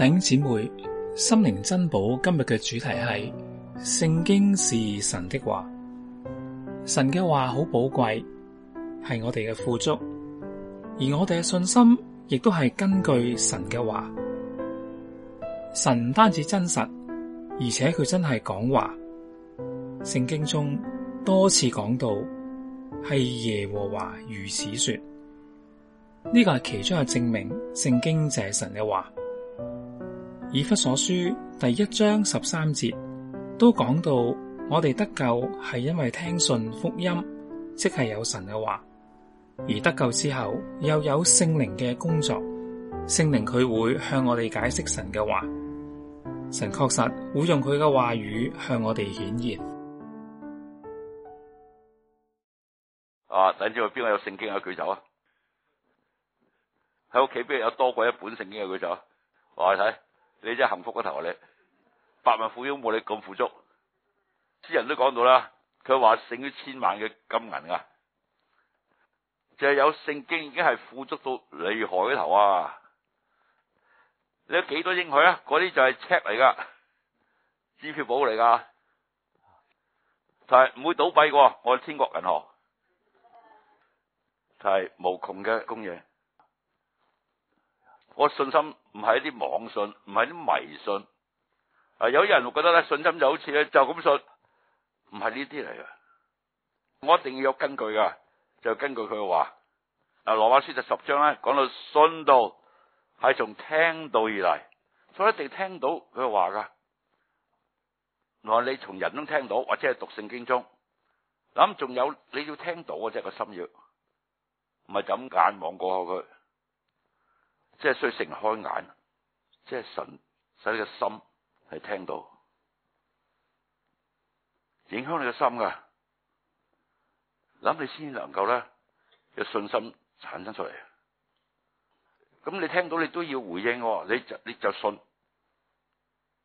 弟兄姊妹，心靈珍寶，今日嘅主題係聖經是神的話，神嘅話好寶貴，係我哋嘅富足，而我哋嘅信心亦都係根據神嘅話。神唔單止真實，而且佢真係講話。聖經中多次講到，係耶和華如此說，呢、這個係其中嘅證明。聖經就係神嘅話。以弗所書第一章十三節都講到，我哋得救係因為聽信福音，即係有神嘅話；而得救之後，又有聖靈嘅工作，聖靈佢會向我哋解釋神嘅話。神確實會用佢嘅話語向我哋顯現。啊，等住邊個有聖經嘅舉手啊！喺屋企邊個有多過一本聖經嘅舉手啊！我嚟睇。你真係幸福過頭啊！你百萬富翁冇你咁富足，詩人都講到啦，佢話勝於千萬嘅金銀啊，就係、是、有聖經已經係富足到厲害嘅頭啊！你有幾多應許啊？嗰啲就係 check 嚟噶，支票簿嚟噶，係、就、唔、是、會倒閉噶，我天國銀行係無窮嘅公嘢。我信心唔係啲妄信，唔係啲迷信。啊，有人覺得咧，信心就好似咧就咁信，唔係呢啲嚟噶。我一定要有根據噶就根據佢話。啊，羅馬書就十章咧講到，信道係從聽道而嚟，所以一定聽到佢話噶。無論你從人度聽到，或者係讀聖經中，咁仲，有你要聽到嘅，即係個心要，唔係就咁眼望過去佢。即係需要成日開眼，即係神使你嘅心係聽到，影響你嘅心噶，諗你先能夠咧有信心產生出嚟。咁你聽到你都要回應，你就你就信。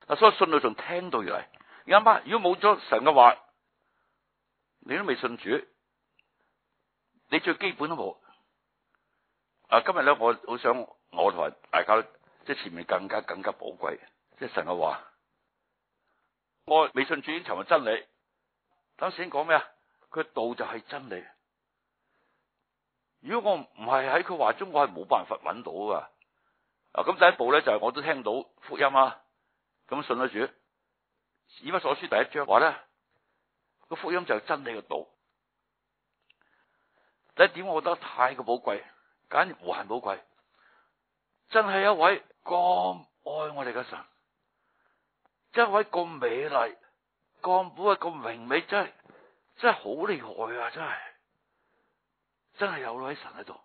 啊，所以信到仲聽到嚟，你諗如果冇咗神嘅話，你都未信主，你最基本都冇。啊，今日咧我好想。我同大家即係前面更加更加寶貴，即係神的話我未信主尋問真理。頭先講咩啊？佢道就係真理。如果我唔係喺佢話中，我係冇辦法揾到噶。啊，咁第一步咧就係、是、我都聽到福音啊，咁信咗主，以弗所書第一章話咧，個福音就係真理嘅道。第一點我覺得太過寶貴，簡直無限寶貴。真係一位咁愛我哋嘅神，真係一位咁美麗、咁部係咁明美，美，真係真係好厲害啊！真係真係有咗喺神喺度，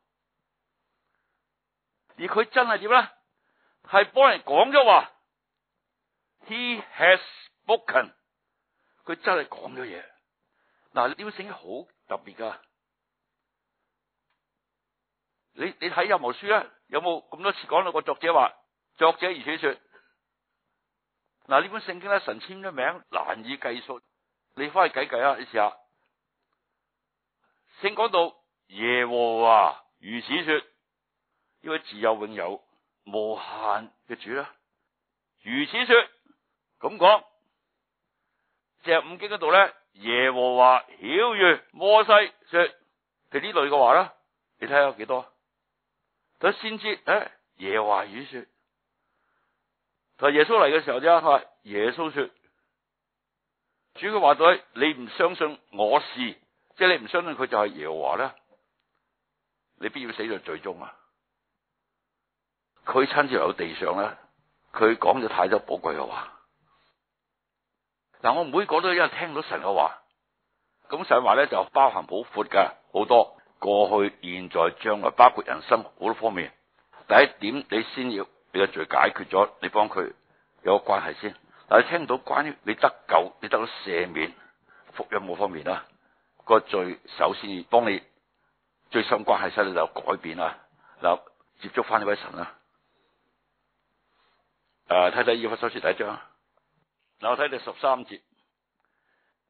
而佢真係點咧？係幫人講咗話，He has spoken，佢真係講咗嘢。嗱，呢個聲好特別噶、啊。你你睇任何書咧，有冇咁多次講到個作者話？作者如此說。嗱，呢本聖經咧，神簽咗名，難以計數。你翻去計計啊，你試下。先講到耶和華如此說，呢位自有永有、無限嘅主啦。如此說咁講，《舊五經》嗰度咧，耶和華曉諭摩西說，佢呢類嘅話啦，你睇下有幾多。佢先知，誒，耶華語說，但耶穌嚟嘅時候啫，佢話耶穌說，主佢話對，你唔相信我是，即係你唔相信佢就係耶和華咧，你必要死在罪中啊！佢親自喺地上咧，佢講咗太多寶貴嘅話。嗱，我每講都因為聽到神嘅話，咁神話咧就包含好闊嘅，好多。過去、現在、將來，包括人生好多方面。第一點，你先要你嘅罪解決咗，你幫佢有個關係先。但你聽到關於你得救、你得到赦免、福音嗰方面啦、啊，那個罪首先幫你最深關係先有改變啦、啊。嗱，接觸翻呢位神啦、啊。誒、啊，睇睇以弗所書第一章，嗱我睇到十三節，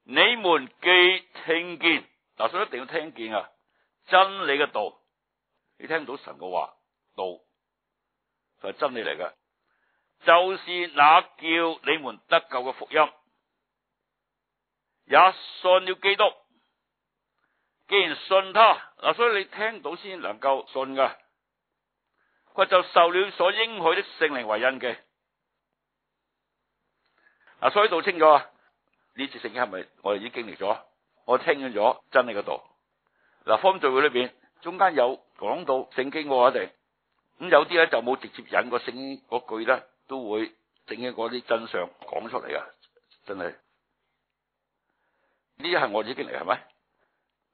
你們既聽見，嗱所以一定要聽見啊。真理嘅道，你聽到神嘅話，道就係真理嚟嘅，就是那叫你們得救嘅福音，也信了基督。既然信他，嗱，所以你聽到先能夠信噶，佢就受了所應許的聖靈為印記。嗱，所以道清咗，啊呢次聖經係咪我哋已經經歷咗？我聽咗真理嘅道。嗱，方聚會裏邊，中間有講到聖經嘅我哋，咁有啲咧就冇直接引個聖經嗰句咧，都會整一嗰啲真相講出嚟噶，真係，呢啲係我哋經歷係咪？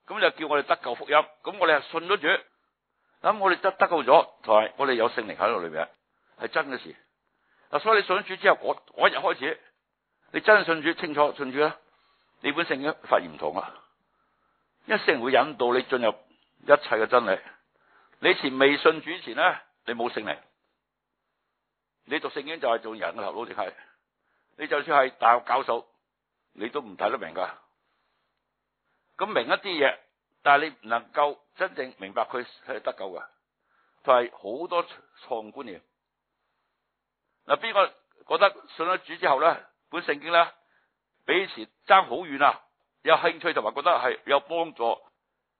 咁就叫我哋得救福音，咁我哋係信咗主，咁我哋得得救咗，同埋我哋有聖靈喺度裏邊，係真嘅事。所以你信主之後，嗰日開始，你真係信主，清楚信主咧，你本聖經發現唔同啦。一些人會引導你進入一切嘅真理。你前未信主前呢，你冇聖靈，你讀聖經就係做人嘅頭腦，淨係你就算係大學教授，你都唔睇得明噶。咁明一啲嘢，但係你唔能夠真正明白佢係得救噶，佢係好多錯誤觀念。嗱，邊個覺得信咗主之後咧，本聖經咧比以前爭好遠啊？有興趣同埋覺得係有幫助，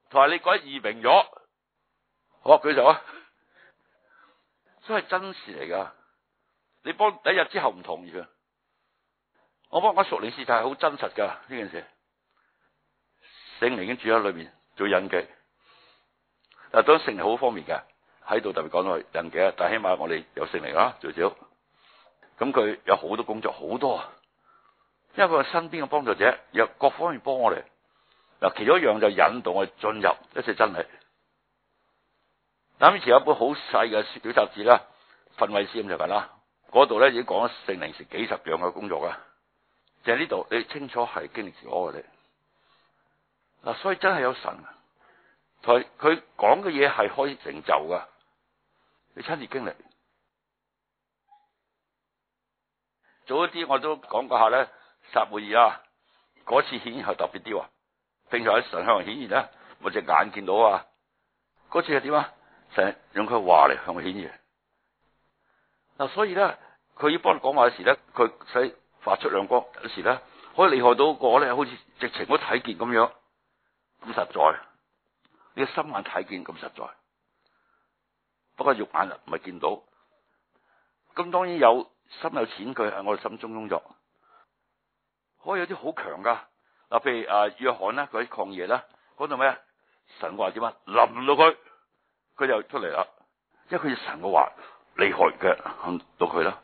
同埋你覺得易明咗，好舉手啊！真係真事嚟噶，你幫第一日之後唔同意啊？我幫我熟你事態，係好真實噶呢件事，聖靈已經住喺裏面做印記。嗱，當然聖靈好方便嘅，喺度特別講到印記啊，但起碼我哋有聖靈啊，最少。咁佢有好多工作，好多。因為佢身邊嘅幫助者，又各方面幫我哋，嗱，其中一樣就引導我進入一些真理。嗱，以前有一本好細嘅小雜誌啦，《氛圍師》就係啦，嗰度咧已經講咗聖靈成幾十樣嘅工作噶，就係呢度你清楚係經歷自我嘅咧。嗱，所以真係有神，佢佢講嘅嘢係可以成就噶，你親自經歷。早一啲我都講過一下咧。撒母耳啊，嗰次顯現係特別啲喎、啊。並且喺神向嚟顯現咧，我隻眼見到啊。嗰次係點啊？成日用佢話嚟向顯現、啊、所以呢，佢要幫你講話嘅時咧，佢使發出亮光，有時咧可以厲害到個咧，好似直情都睇見咁樣咁實在。你嘅心眼睇見咁實在，不過肉眼唔係見到咁。當然有深有淺，佢喺我哋心中工作。我有啲好強㗎，嗱，譬如啊約翰啦，佢喺曠野啦，講到咩啊？神嘅話點啊？臨到佢，佢就出嚟啦，因為佢神嘅話厲害嘅，臨到佢啦。